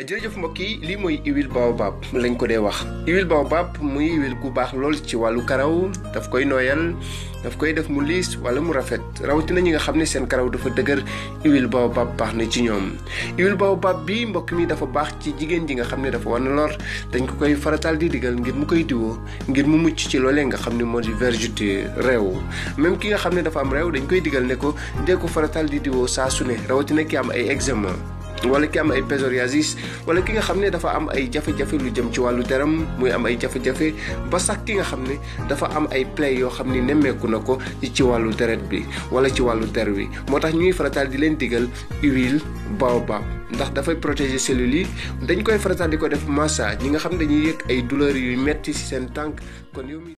jërëjëf mbokk yi lii mooy huile baobab lañ ko dee wax huile baobab muy huile gu baax lool ci wàllu karaw daf koy nooyal daf koy def mu liis wala mu rafet rawatina ñi nga xam ne seen karaw dafa dëgër huile baobab baax na ci ñoom. huile baobab bi mbokk mi dafa baax ci jigéen ji nga xam ne dafa war na lor dañ ko koy farataal di digal ngir mu koy diwoo ngir mu mucc ci loolee nga xam ne moo di vergeture réew même ki nga xam ne dafa am réew dañ koy digal ne ko dee ko farataal di diwoo saa su ne rawatina ki am ay eczéma. wala ki am ay psoriasis wala ki nga xam ne dafa am ay jafe-jafe lu jëm ci wàllu deram muy am ay jafe-jafe ba sax ki nga xam ne dafa am ay plaies yoo xam ni nemmeeku na ko ci wàllu deret bi wala ci wàllu der wi moo tax ñuy farataal di leen digal huile baobab ndax dafay protéger cellules yi dañ koy farataal di ko def massage ñi nga xam ne dañuy yëg ay douleurs yuy metti ci seen tànk kon yow mi